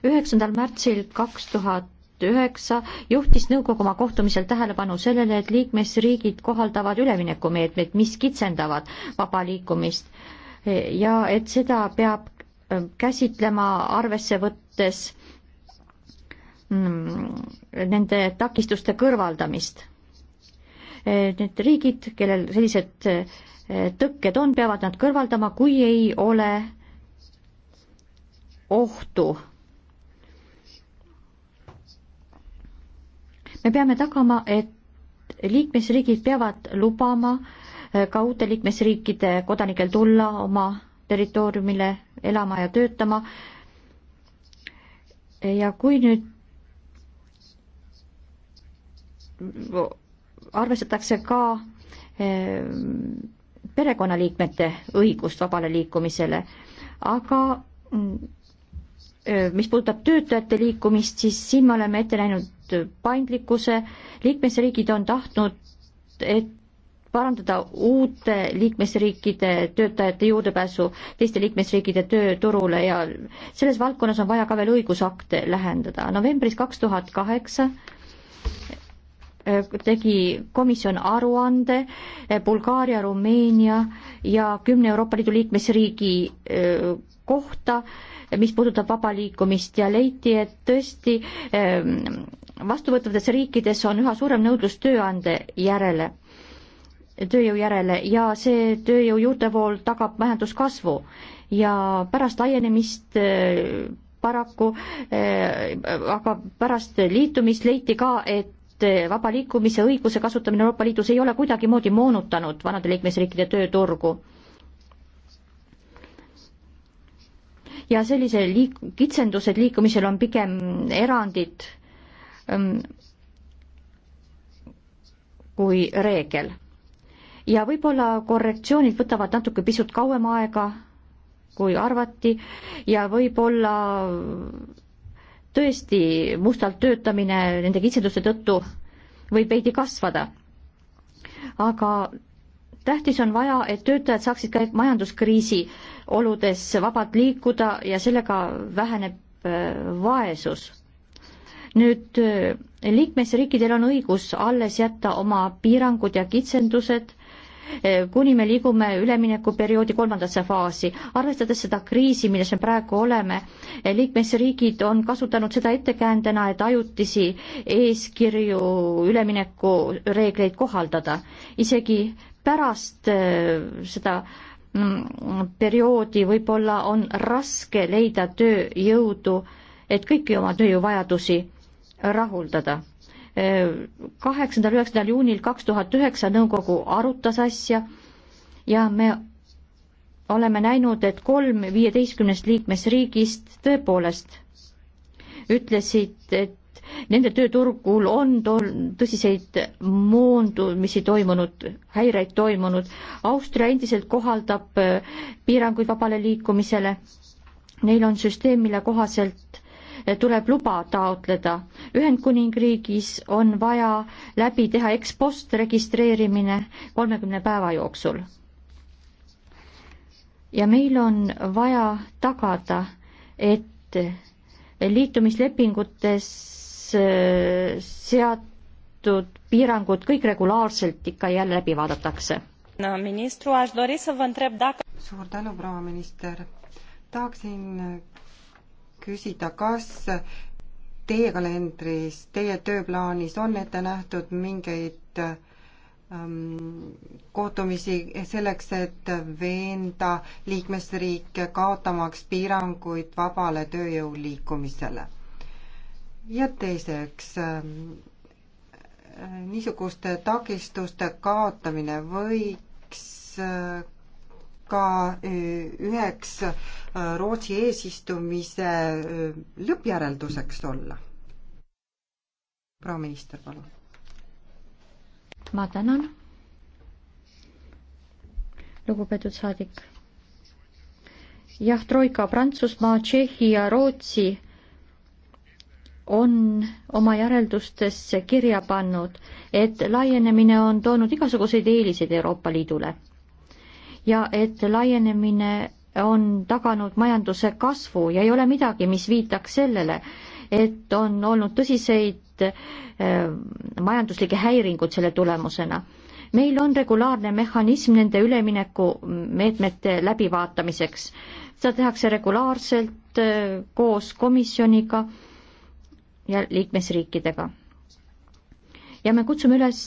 üheksandal märtsil kaks tuhat üheksa juhtis nõukogu oma kohtumisel tähelepanu sellele, et liikmesriigid kohaldavad üleminekumeetmeid, mis kitsendavad vaba liikumist ja et seda peab Äh, käsitlema, arvesse võttes mm, nende takistuste kõrvaldamist. Äh, need riigid, kellel sellised äh, tõkked on, peavad nad kõrvaldama, kui ei ole ohtu. me peame tagama, et liikmesriigid peavad lubama ka uute liikmesriikide kodanikel tulla oma territooriumile elama ja töötama. ja kui nüüd arvestatakse ka eh, perekonnaliikmete õigust vabale liikumisele, aga eh, mis puudutab töötajate liikumist, siis siin me oleme ette näinud paindlikkuse, liikmesriigid on tahtnud, et parandada uute liikmesriikide töötajate juurdepääsu teiste liikmesriikide tööturule ja selles valdkonnas on vaja ka veel õigusakte lähendada. novembris kaks tuhat kaheksa äh, tegi komisjon aruande äh, Bulgaaria, Rumeenia ja kümne Euroopa Liidu liikmesriigi äh, kohta, mis puudutab vaba liikumist ja leiti, et tõesti vastuvõtvates riikides on üha suurem nõudlus tööande järele tööjõu järele ja see tööjõu juurdevool tagab majanduskasvu ja pärast laienemist äh, paraku, äh, aga pärast liitumist leiti ka, et äh, vaba liikumise õiguse kasutamine Euroopa Liidus ei ole kuidagimoodi moonutanud vanade liikmesriikide tööturgu. ja sellise liik-, kitsendused liikumisel on pigem erandid ähm, kui reegel ja võib-olla korrektsioonid võtavad natuke pisut kauem aega, kui arvati ja võib-olla tõesti mustalt töötamine nende kitsenduste tõttu võib veidi kasvada. aga tähtis on vaja, et töötajad saaksid ka majanduskriisi oludes vabalt liikuda ja sellega väheneb äh, vaesus. nüüd äh, liikmesriikidel on õigus alles jätta oma piirangud ja kitsendused kuni me liigume üleminekuperioodi kolmandasse faasi. arvestades seda kriisi, milles me praegu oleme, liikmesriigid on kasutanud seda ettekäändena, et ajutisi eeskirju üleminekureegleid kohaldada. isegi pärast äh, seda mm, perioodi võib-olla on raske leida tööjõudu, et kõiki oma tööjõuvajadusi rahuldada kaheksandal, üheksandal juunil kaks tuhat üheksa nõukogu arutas asja ja me oleme näinud, et kolm viieteistkümnest liikmesriigist tõepoolest ütlesid, et nende tööturgul on tõsiseid moondumisi toimunud, häireid toimunud. Austria endiselt kohaldab äh, piiranguid vabale liikumisele. Neil on süsteem, mille kohaselt tuleb luba taotleda. Ühendkuningriigis on vaja läbi teha ekspost registreerimine kolmekümne päeva jooksul. ja meil on vaja tagada, et liitumislepingutes äh, seatud piirangud kõik regulaarselt ikka jälle läbi vaadatakse. suur tänu, proua minister tahaksin küsida, kas teie kalendris, teie tööplaanis on ette nähtud mingeid ähm, kohtumisi selleks, et veenda liikmesriike kaotamaks piiranguid vabale tööjõu liikumisele? ja teiseks ähm,, niisuguste takistuste kaotamine võiks äh, ka e, üheks e, Rootsi eesistumise e, lõppjärelduseks olla? proua minister, palun. ma tänan. lugupeetud saadik. jah, Troika Prantsusmaa, Tšehhi ja Rootsi on oma järeldustesse kirja pannud, et laienemine on toonud igasuguseid eeliseid Euroopa Liidule ja et laienemine on taganud majanduse kasvu ja ei ole midagi, mis viitaks sellele, et on olnud tõsiseid eh, majanduslikke häiringud selle tulemusena. meil on regulaarne mehhanism nende üleminekumeetmete läbivaatamiseks. seda tehakse regulaarselt eh, koos komisjoniga ja liikmesriikidega. ja me kutsume üles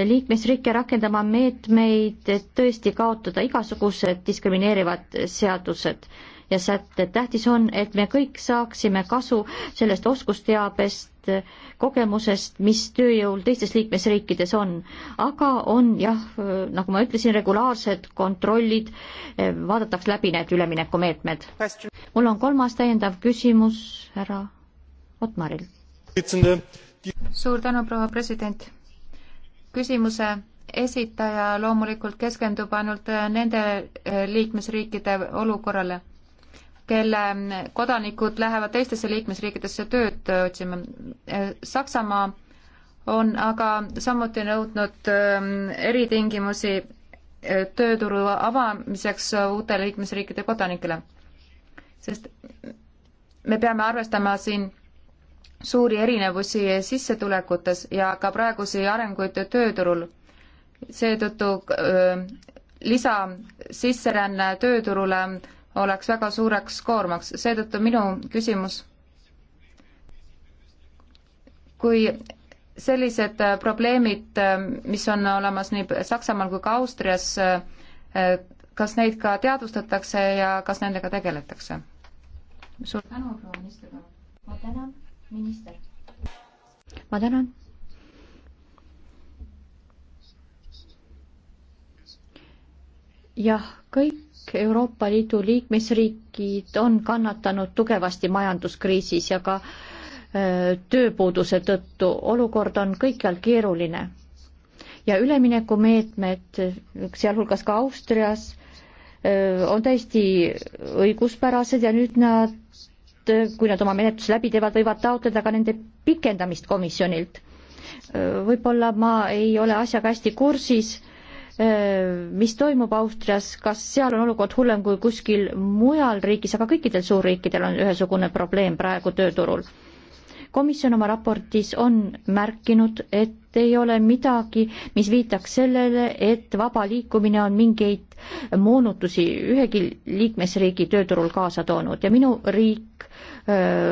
liikmesriike rakendama meetmeid, et tõesti kaotada igasugused diskrimineerivad seadused ja sätted. tähtis on, et me kõik saaksime kasu sellest oskusteabest, kogemusest, mis tööjõul teistes liikmesriikides on. aga on jah, nagu ma ütlesin, regulaarsed kontrollid, vaadatakse läbi need üleminekumeetmed. mul on kolmas täiendav küsimus härra Otmarilt. suur tänu, proua president küsimuse esitaja loomulikult keskendub ainult äh, nende äh, liikmesriikide olukorrale, kelle äh, kodanikud lähevad teistesse liikmesriikidesse tööd otsima. Saksamaa on aga samuti nõudnud ähm, eritingimusi tööturu avamiseks uute liikmesriikide kodanikele, sest me peame arvestama siin suuri erinevusi sissetulekutes ja ka praegusi arenguid tööturul. seetõttu äh, lisasisseränne tööturule oleks väga suureks koormaks, seetõttu minu küsimus, kui sellised äh, probleemid, äh, mis on olemas nii Saksamaal kui ka Austrias, kas neid ka teadvustatakse ja kas nendega tegeletakse? suur tänu, proua minister, ma tänan minister. ma tänan. jah, kõik Euroopa Liidu liikmesriigid on kannatanud tugevasti majanduskriisis ja ka öö, äh, tööpuuduse tõttu. olukord on kõikjal keeruline ja üleminekumeetmed, sealhulgas ka Austrias, äh, on täiesti õiguspärased ja nüüd nad Äh, kui nad oma menetluse läbi teevad, võivad taotleda ka nende pikendamist komisjonilt. Äh, võib-olla ma ei ole asjaga hästi kursis, äh, mis toimub Austrias, kas seal on olukord hullem kui kuskil mujal riigis, aga kõikidel suurriikidel on ühesugune probleem praegu tööturul komisjon oma raportis on märkinud, et ei ole midagi, mis viitaks sellele, et vaba liikumine on mingeid moonutusi ühegi liikmesriigi tööturul kaasa toonud ja minu riik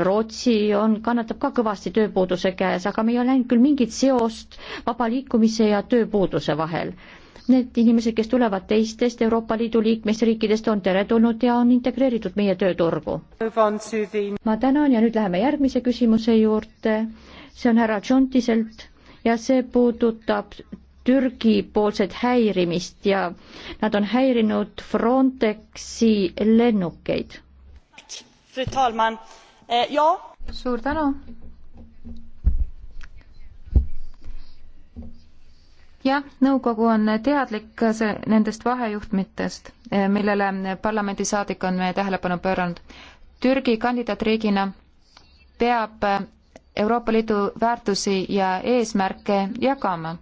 Rootsi on, kannatab ka kõvasti tööpuuduse käes, aga me ei ole näinud küll mingit seost vaba liikumise ja tööpuuduse vahel Need inimesed, kes tulevad teistest Euroopa Liidu liikmesriikidest, on teretulnud ja on integreeritud meie tööturgu. ma tänan ja nüüd läheme järgmise küsimuse juurde. see on härra Džontiselt ja see puudutab Türgi poolset häirimist ja nad on häirinud Frontexi lennukeid. Eh, suur tänu jah, nõukogu on teadlik see, nendest vahejuhtmitest, eh, millele parlamendisaadik on meie tähelepanu pööranud. Türgi kandidaatriigina peab eh, Euroopa Liidu väärtusi ja eesmärke jagama.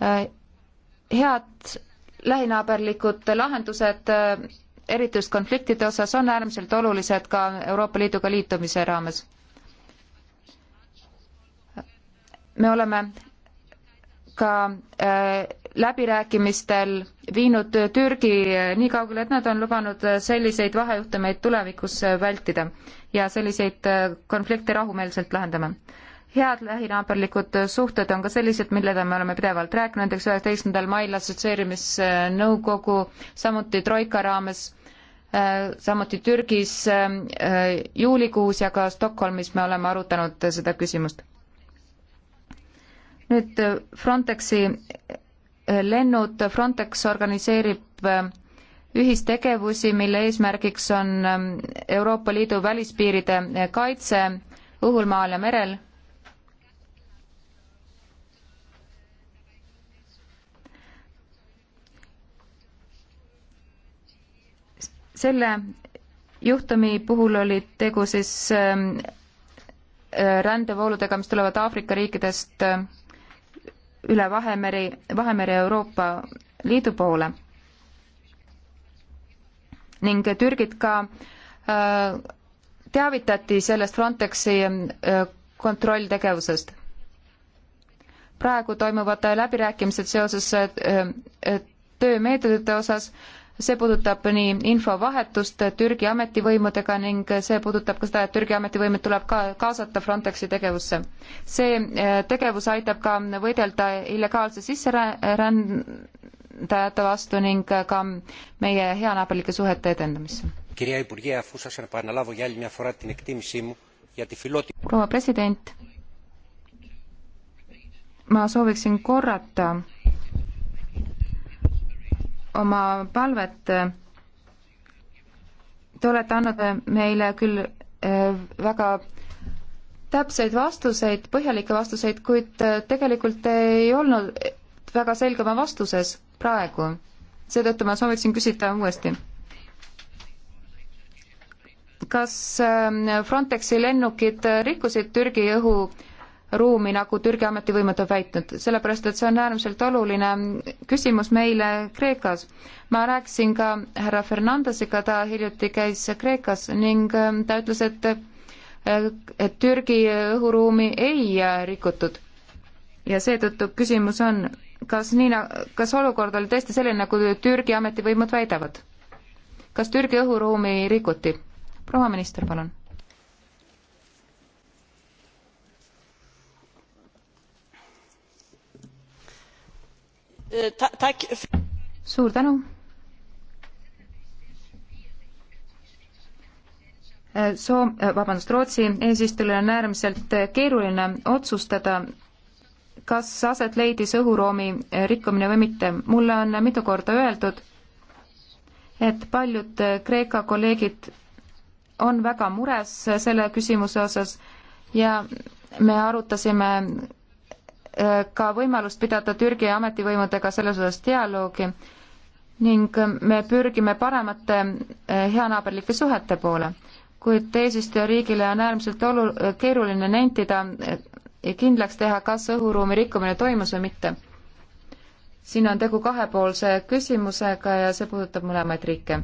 Eh, head lähinaaberlikud lahendused, eriti just konfliktide osas, on äärmiselt olulised ka Euroopa Liiduga liitumise raames. me oleme ka äh, läbirääkimistel viinud Türgi äh, nii kaugele, et nad on lubanud äh, selliseid vahejuhtumeid tulevikus vältida ja selliseid konflikte rahumeelselt lahendama. head lähinaaberlikud suhted on ka sellised, millele me oleme pidevalt rääkinud, näiteks üheksateistkümnendal mail assotsieerimisnõukogu, samuti Troika raames, samuti Türgis juulikuus ja ka Stockholmis me oleme arutanud seda küsimust nüüd äh, Frontexi äh, lennud, Frontex organiseerib äh, ühistegevusi, mille eesmärgiks on ähm, Euroopa Liidu välispiiride kaitse õhul, maal ja merel. selle juhtumi puhul oli tegu siis ähm, rändevooludega, mis tulevad Aafrika riikidest üle Vahemeri, Vahemere Euroopa Liidu poole. ning Türgit ka äh, teavitati sellest Frontexi äh, kontrolltegevusest. praegu toimuvad läbirääkimised seoses äh, töömeetodite osas see puudutab nii infovahetust Türgi ametivõimudega ning see puudutab ka seda, et Türgi ametivõimed tuleb ka kaasata Frontexi tegevusse. see eh, tegevus aitab ka võidelda illegaalse sisserändajate vastu ning ka meie heanaaberlike suhete edendamisse. proua president, ma sooviksin korrata oma palvet. Äh, te olete andnud meile küll äh, väga täpseid vastuseid, põhjalikke vastuseid, kuid äh, tegelikult te ei olnud väga selge oma vastuses praegu. seetõttu ma sooviksin küsida uuesti. kas ähm, Frontexi lennukid rikkusid Türgi õhu ruumi, nagu Türgi ametivõimed on väitnud, sellepärast et see on äärmiselt oluline küsimus meile Kreekas. ma rääkisin ka härra Fernandesiga, ta hiljuti käis Kreekas ning ähm, ta ütles, et äh, et Türgi õhuruumi ei äh, rikutud. ja seetõttu küsimus on, kas nii, kas olukord oli tõesti selline, nagu Türgi ametivõimud väidavad? kas Türgi õhuruumi rikuti? proua minister, palun suur tänu. Soom-, vabandust, Rootsi eesistujal on äärmiselt keeruline otsustada, kas aset leidis õhuruumi rikkumine või mitte. mulle on mitu korda öeldud, et paljud Kreeka kolleegid on väga mures selle küsimuse osas ja me arutasime ka võimalust pidada Türgi ametivõimudega selles osas dialoogi ning me pürgime paremate eh, heanaaberlike suhete poole. kuid eesistujariigile on äärmiselt olu-, keeruline nentida ja eh, kindlaks teha, kas õhuruumi rikkumine toimus või mitte. siin on tegu kahepoolse küsimusega ja see puudutab mõlemaid riike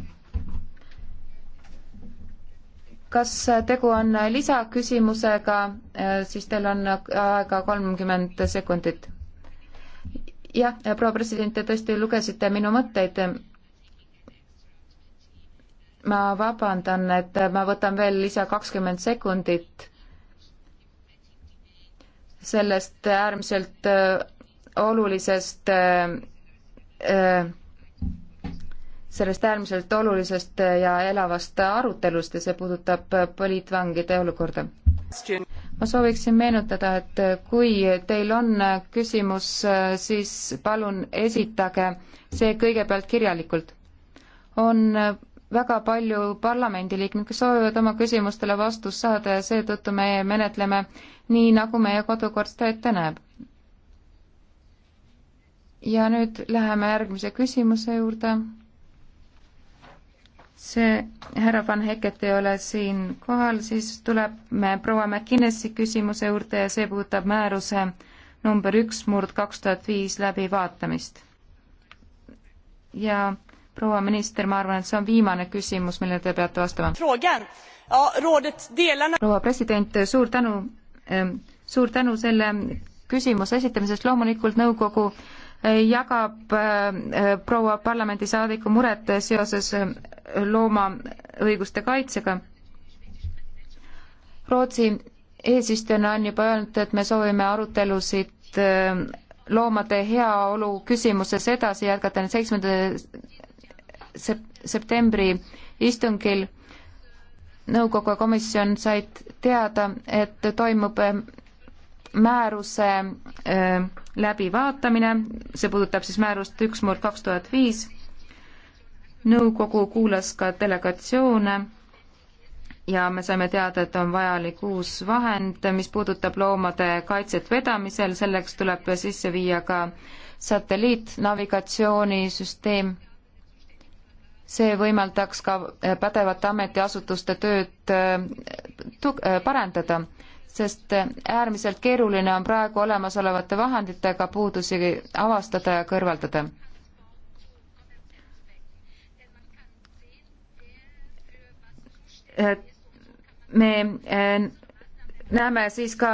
kas tegu on lisaküsimusega, äh, siis teil on aega kolmkümmend sekundit. jah, äh, proua president, te tõesti lugesite minu mõtteid. ma vabandan, et ma võtan veel lisa kakskümmend sekundit sellest äärmiselt äh, olulisest äh, äh, sellest äärmiselt olulisest ja elavast arutelust ja see puudutab poliitvangide olukorda. ma sooviksin meenutada, et kui teil on küsimus, siis palun esitage see kõigepealt kirjalikult. on väga palju parlamendiliikmeid, kes soovivad oma küsimustele vastust saada ja seetõttu me menetleme nii, nagu meie kodukord seda ette näeb. ja nüüd läheme järgmise küsimuse juurde see härra Van Heket ei ole siin kohal, siis tuleb me proua McInnesi küsimuse juurde ja see puudutab määruse number üks murd kaks tuhat viis läbivaatamist. ja proua minister, ma arvan, et see on viimane küsimus, millele te peate vastama. proua president, suur tänu, suur tänu selle küsimuse esitamisest, loomulikult nõukogu äh, jagab äh, äh, proua parlamendisaadiku muret seoses äh, loomaõiguste kaitsega. Rootsi eesistujana on juba öelnud, et me soovime arutelusid loomade heaolu küsimuses edasi jätkata nüüd seitsmenda septembri istungil. nõukogu ja komisjon said teada, et toimub määruse äh, läbivaatamine, see puudutab siis määrust üks murd kaks tuhat viis. nõukogu kuulas ka delegatsioone ja me saime teada, et on vajalik uus vahend, mis puudutab loomade kaitset vedamisel, selleks tuleb sisse viia ka satelliitnavigatsioonisüsteem. see võimaldaks ka pädevate ametiasutuste tööd äh, äh, parandada sest äärmiselt keeruline on praegu olemasolevate vahenditega puudusi avastada ja kõrvaldada. me eh, näeme siis ka,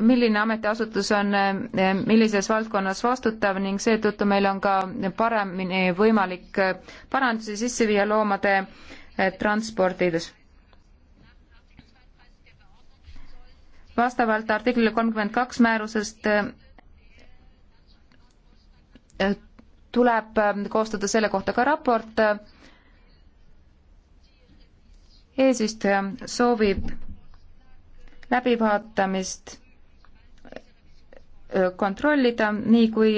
milline ametiasutus on eh, millises valdkonnas vastutav ning seetõttu meil on ka paremini võimalik eh, parandusi sisse viia loomade transpordides vastavalt artiklile kolmkümmend kaks määrusest äh, tuleb ähm, koostada selle kohta ka raport. eesistuja soovib läbivaatamist äh, kontrollida, nii kui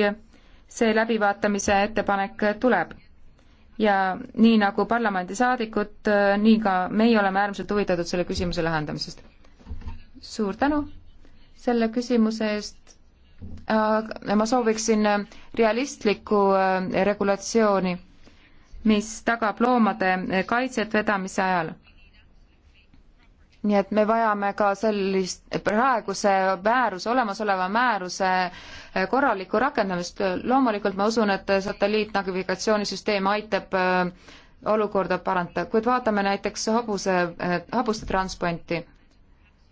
see läbivaatamise ettepanek tuleb. ja nii nagu parlamendisaadikud, äh, nii ka meie oleme äärmiselt huvitatud selle küsimuse lahendamisest suur tänu selle küsimuse eest. Äh, ma sooviksin äh, realistlikku äh, regulatsiooni, mis tagab loomade kaitset vedamise ajal. nii et me vajame ka sellist praeguse määruse, olemasoleva määruse korralikku rakendamist. loomulikult ma usun, et satelliitnavigatsioonisüsteem aitab olukorda parandada, kuid vaatame näiteks hobuse, hobuste transporti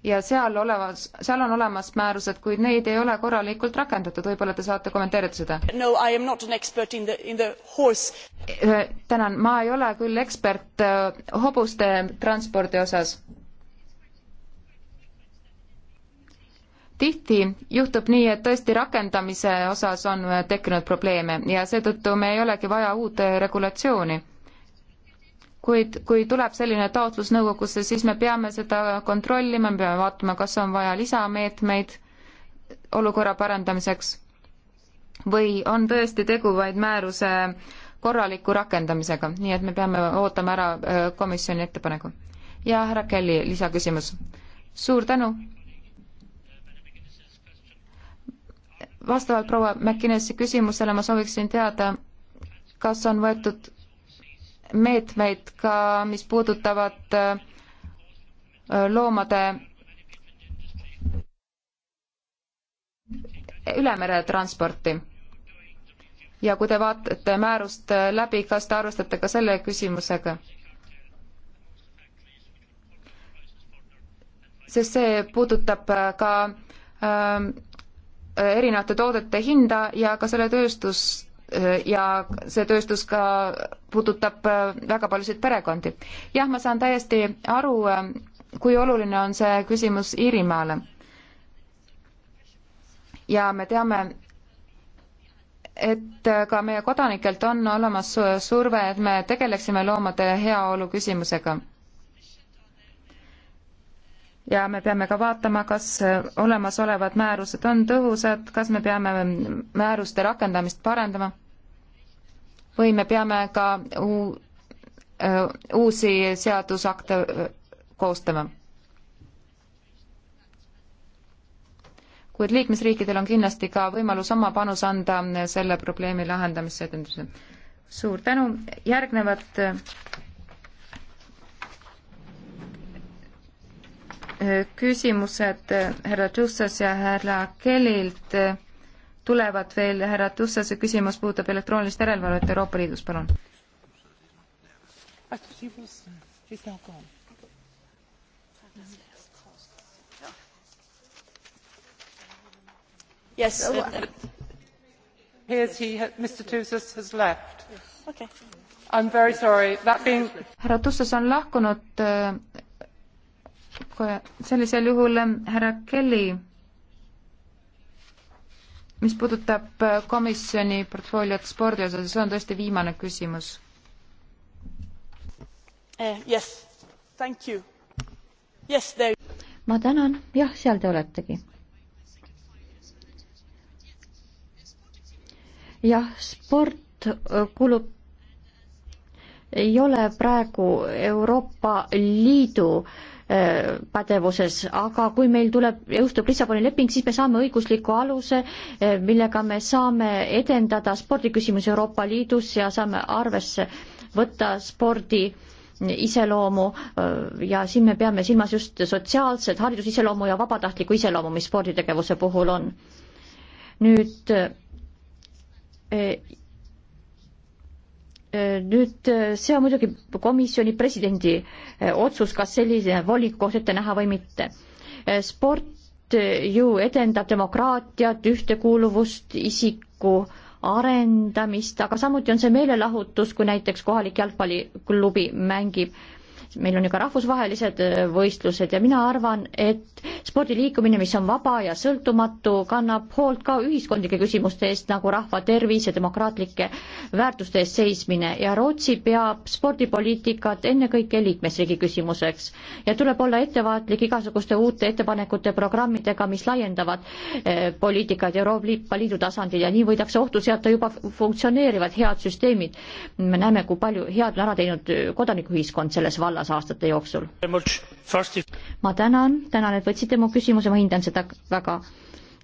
ja seal olevas, seal on olemas määrused, kuid neid ei ole korralikult rakendatud, võib-olla te saate kommenteerida seda no,? tänan, ma ei ole küll ekspert äh, hobuste transpordi osas. tihti juhtub nii, et tõesti rakendamise osas on äh, tekkinud probleeme ja seetõttu me ei olegi vaja uut äh, regulatsiooni kuid kui tuleb selline taotlus nõukogusse, siis me peame seda kontrollima, me peame vaatama, kas on vaja lisameetmeid olukorra parandamiseks või on tõesti tegu vaid määruse korraliku rakendamisega, nii et me peame ootama ära äh, komisjoni ettepaneku. ja härra Kelly, lisaküsimus. suur tänu. vastavalt proua McInnesi küsimusele ma sooviksin teada, kas on võetud meetmeid ka, mis puudutavad äh, loomade üle mere transporti. ja kui te vaatate määrust äh, läbi, kas te arvestate ka selle küsimusega? sest see puudutab äh, ka äh, erinevate toodete hinda ja ka selle tööstust Äh, ja see tööstus ka puudutab äh, väga paljusid perekondi. jah, ma saan täiesti aru, äh, kui oluline on see küsimus Iirimaale. ja me teame, et ka meie kodanikelt on olemas surve, et me tegeleksime loomade heaolu küsimusega ja me peame ka vaatama, kas olemasolevad määrused on tõhusad, kas me peame määruste rakendamist parendama või me peame ka äh, uusi seadusakte äh, koostama. kuid liikmesriikidel on kindlasti ka võimalus oma panus anda selle probleemi lahendamisse edendamisel. suur tänu, järgnevad äh, küsimused härra Tussas ja härra Kellilt tulevad veel. härra Tussase küsimus puudutab elektroonilist järelevalvet Euroopa Liidus, palun. Yes. Here's he, Mr. Tussas has left. Okay. I am very sorry, that being. härra Tussas on lahkunud sellisel juhul ähm, härra Kelly, mis puudutab äh, komisjoni portfooliot spordi osas, see on tõesti viimane küsimus eh,. Yes. Yes, there... ma tänan, jah, seal te oletegi. jah, sport äh, kulub ei ole praegu Euroopa Liidu äh, pädevuses, aga kui meil tuleb, jõustub Lissaboni leping, siis me saame õigusliku aluse, eh, millega me saame edendada spordiküsimusi Euroopa Liidus ja saame arvesse võtta spordi iseloomu eh, ja siin me peame silmas just sotsiaalset haridusiseloomu ja vabatahtlikku iseloomu, mis sporditegevuse puhul on. nüüd eh, nüüd äh, see on muidugi komisjoni presidendi äh, otsus, kas selline volik koht ette näha või mitte. Äh, sport ju edendab demokraatiat, ühtekuuluvust, isiku arendamist, aga samuti on see meelelahutus, kui näiteks kohalik jalgpalliklubi mängib. meil on ju ka rahvusvahelised võistlused ja mina arvan, et spordiliikumine, mis on vaba ja sõltumatu, kannab hoolt ka ühiskondlike küsimuste eest nagu rahva tervis ja demokraatlike väärtuste eest seismine ja Rootsi peab spordipoliitikat ennekõike liikmesriigi küsimuseks ja tuleb olla ettevaatlik igasuguste uute ettepanekute programmidega, mis laiendavad eh, poliitikat Euroopa Liidu tasandil ja nii võidakse ohtu seata juba funktsioneerivad head süsteemid. me näeme, kui palju head on ära teinud kodanikuühiskond selles vallas aastate jooksul. ma tänan, tänan, et võtsite esitasite mu küsimuse, ma hindan seda väga.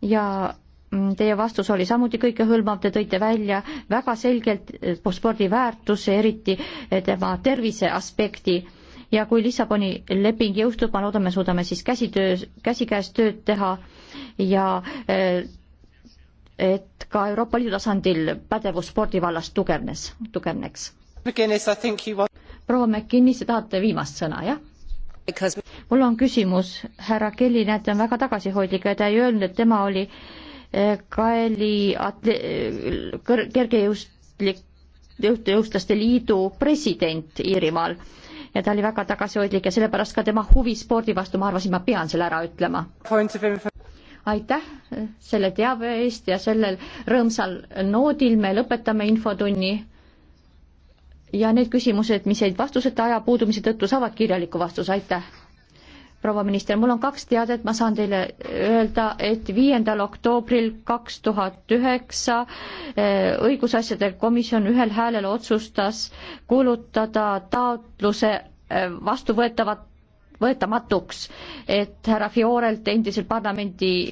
ja mm, teie vastus oli samuti kõikehõlmav, te tõite välja väga selgelt eh, spordi väärtuse, eriti eh, tema tervise aspekti ja kui Lissaboni leping jõustub, ma loodan, me suudame siis käsitöö, käsikäes tööd teha ja eh, et ka Euroopa Liidu tasandil pädevus spordivallas tugevnes, tugevneks. proua McKinnis, te tahate viimast sõna, jah? because... mul on küsimus, härra Kelly, näete, on väga tagasihoidlik ja ta ei öelnud, et tema oli eh, Kaeli atle-, kergejõustlik, jõustlaste liidu president Iirimaal ja ta oli väga tagasihoidlik ja sellepärast ka tema huvi spordi vastu, ma arvasin, ma pean selle ära ütlema. aitäh eh, selle teabe eest ja sellel rõõmsal noodil me lõpetame infotunni ja need küsimused, mis jäid vastuseta aja puudumise tõttu, saavad kirjaliku vastuse, aitäh. proua minister, mul on kaks teadet, ma saan teile öelda, et viiendal oktoobril kaks tuhat üheksa eh, õigusasjade komisjon ühel häälel otsustas kuulutada taotluse eh, vastuvõetavat võetamatuks, et härra Fiorelt, endiselt parlamendi